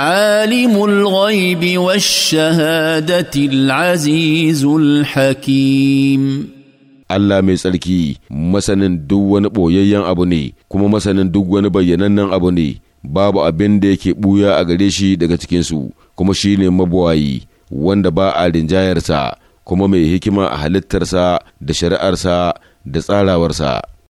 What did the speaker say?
عالم الغيب والشهادة العزيز الحكيم Allah mai tsarki masanin duk wani ɓoyayyen abu ne kuma masanin duk wani bayyanannen abu ne babu abin da yake ɓuya a gare shi daga cikinsu kuma shi ne mabuwayi wanda ba a rinjayarsa kuma mai hikima a halittarsa da shari'arsa da tsarawarsa.